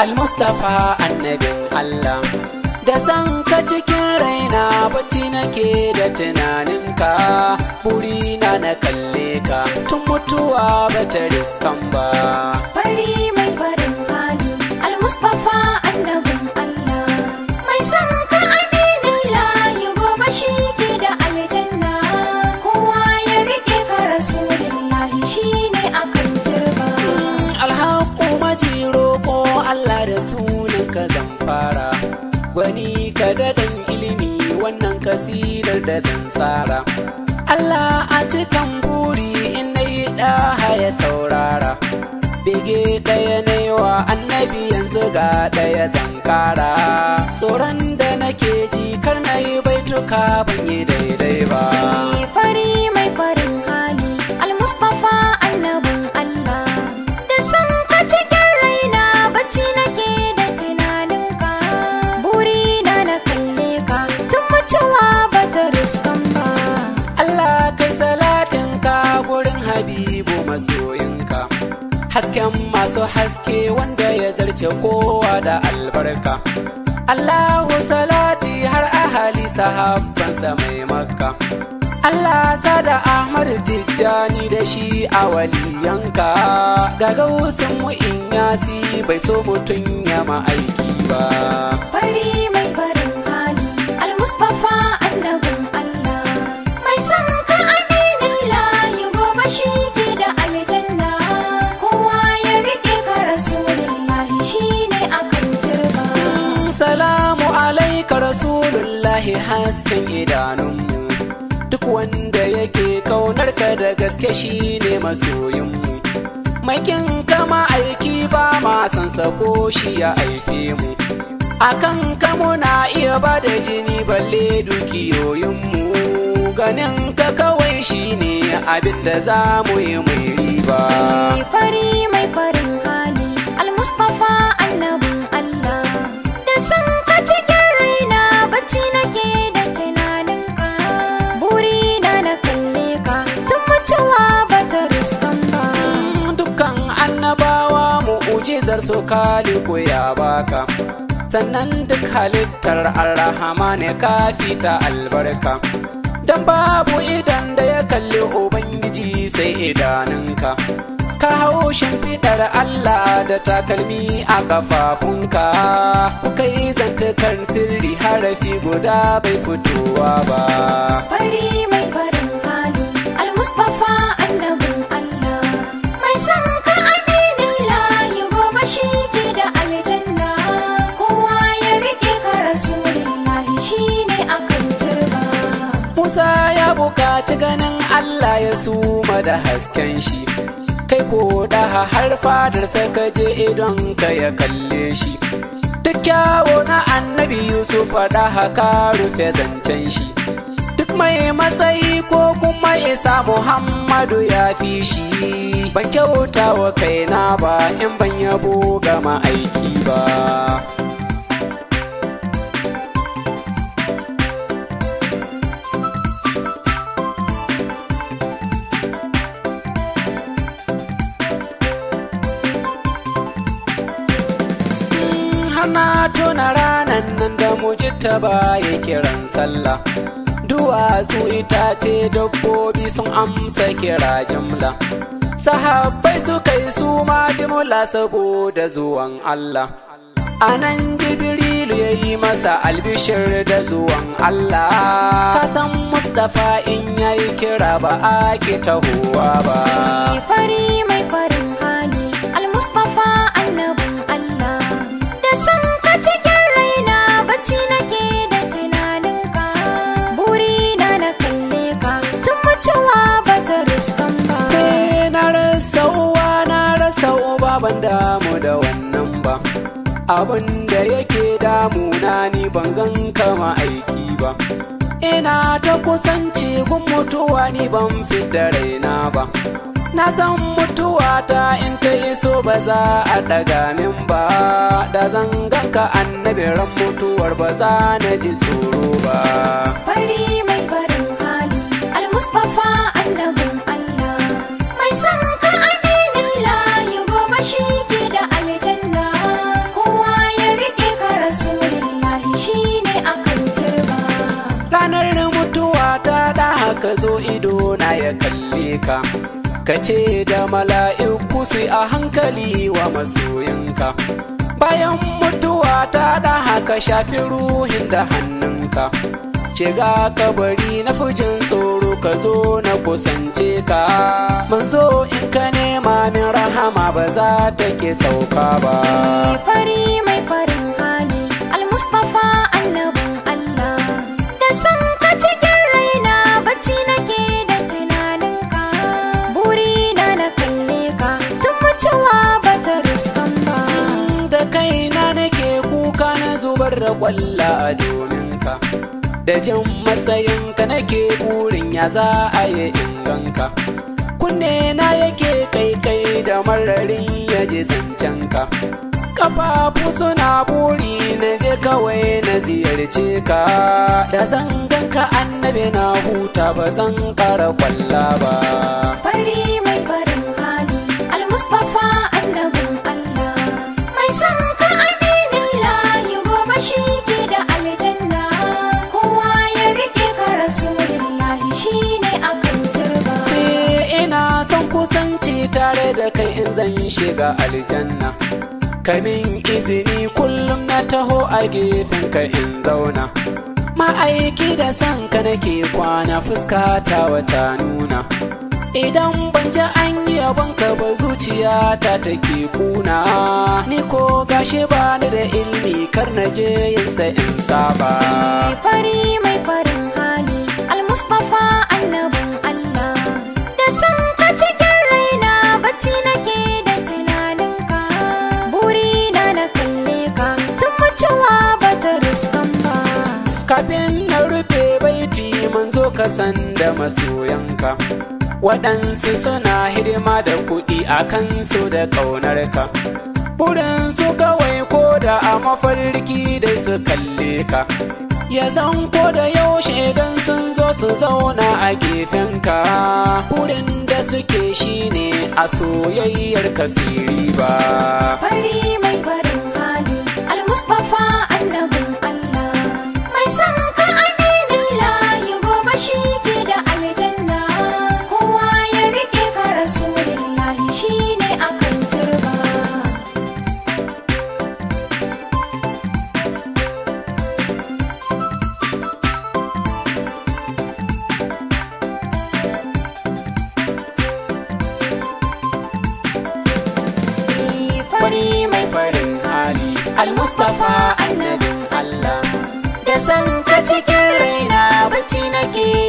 almustapha annabin allah da san ka cikin raina bacci nake da tunaninka burina na kalle ka tun mutuwa ba ta riskan ba fari mai farin hali mustafa. wannan kasidar da zan tsara Allah a cikin buri ina yi ɗaha ya saurara bege ɗaya na wa annabi yanzu ga ɗaya zan kara tsoron da nake ji kar na yi baituka ban yi daidai ba masoyinka hasken masu haske wanda ya zarce kowa da albarka Allahu salati har ahali sahabbansa mai makka Allah sada Ahmad Tijjani da shi a waliyanka ga gausin mu'in yasi bai so mutum ya ma'aiki ba. Fari mai farin hali, Al-Mustapha annabin hasken idanunmu duk wanda yake kaunar ka da gaske shi shine masoyinmu makin kama aiki ba ma san sako shi ya aife mu akan ka muna iya ba da jini balle dukiyoyinmu ganin ka kawai shine abin da za mu yi mai riba kali ko ya baka sannan duk halittar arrahama ne ka fita albarka don babu idan da ya kalli ubangiji sai idanunka ka hau shimfiɗar Allah da takalmi a kafafunka kai zantukar sirri harafi guda bai fitowa ba fari mai farin hali al-mustafa annabin Allah ya suma da hasken shi kai ko da har fadarsa ka je idon ka ya kalle shi duk kyawo na annabi yusuf faɗa haka rufe zancen shi duk mai matsayi ko kuma isa muhammadu ya fi shi ban kyauta wa kaina ba in ban yabo ga ma'aiki ba na tona ranan nan da mujitta ba ya kiran sallah duwatsu ce dabbobi sun amsa kira jimla sahabbai suka yi su ma jimla saboda zuwan Allah a nan jibrilu ya yi masa albishir da zuwan Allah kasan mustapha in ya yi kira ba a ki tahowa ba abin da yake damuna ni ban gan kama aiki ba ina ta kusanci gun mutuwa ni ban fita raina ba na san mutuwa ta in ta iso ba za a ɗaga min ba da zan ganka annabi ran mutuwar ba za na ji tsoro ba fari mai barin hali al-mustafa ka zo ido na ya kalle ka ka ce da mala'iku su a hankali wa masoyinka bayan mutuwa ta da haka shafi ruhin da hannunka shiga kabari na fujin tsoro ka zo na kusance ka Mun zo in ka nema min rahama ba za ta ke sauka ba kwalla domin ka da jin matsayinka nake burin ya za a yi inganka kunne na yake kai kai da mararin ya je zancenka kafafu suna buri na je kawai na ziyarce ka da zangan ka annabi na huta ba zan kara kwalla ba fari mai farin hali al-mustafa tare da kai in zan yi shiga aljanna kamin izini kullum na taho a gefen ka in zauna ma'aiki da san ka nake kwana fuska ta wata nuna idan ban ji an yi ka ba zuciya ta take kuna ni ko gashi ba ni da ilmi kar na je yin sa in saba fari mai farin hali al-mustafa annabi kasan da masoyanka waɗansu suna hidima da kuɗi a kansu da ƙaunarka burin su kawai ko da a mafarki da su kalle ka ya zan ko da yaushe idan sun zo su zauna a gefenka burin da suke shi ne a soyayyar siri ba fari mai farin hali al-mustafa annabin allah mai san Al-Mustafa annabin Allah da san ka cikin raina bacci nake